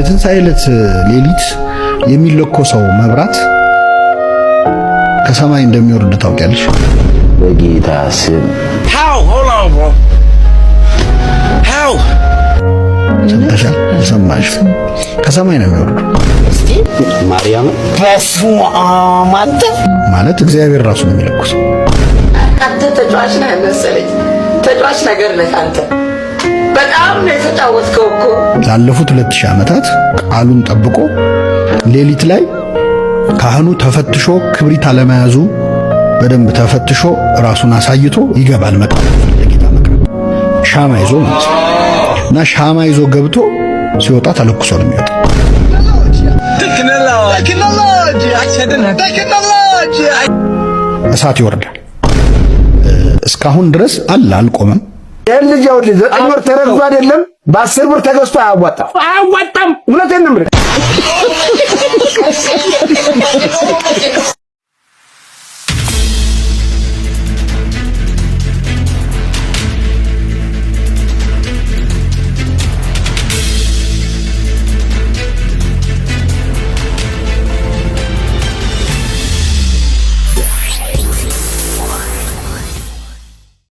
የትንሣኤ ዕለት ሌሊት የሚለኮሰው መብራት ከሰማይ እንደሚወርድ ታውቂያለሽ። በጌታ ስም ሰምተሻል? ሰማሽ? ከሰማይ ነው የሚወርዱ። ማርያም ማለት እግዚአብሔር ራሱ ነው የሚለኮሰው። አንተ ተጫዋች ነህ መሰለኝ፣ ተጫዋች ነገር ነህ አንተ በጣም ነው የተጫወትከው እኮ። ላለፉት ሁለት ሺህ ዓመታት ቃሉን ጠብቆ ሌሊት ላይ ካህኑ ተፈትሾ ክብሪት አለመያዙ በደንብ ተፈትሾ ራሱን አሳይቶ ይገባል። መቃብር ለጌታ መቃብር ሻማ ይዞ ማለት ነው እና ሻማ ይዞ ገብቶ ሲወጣ ተለኩሶ ነው የሚወጣ። እሳት ይወርዳል። እስካሁን ድረስ አለ አልቆመም። ይሄን ልጅ ያው ዘጠኝ ወር ተረግዞ አይደለም በአስር ብር ተገዝቶ አያዋጣም፣ አያዋጣም። እውነቴን ነው የምልህ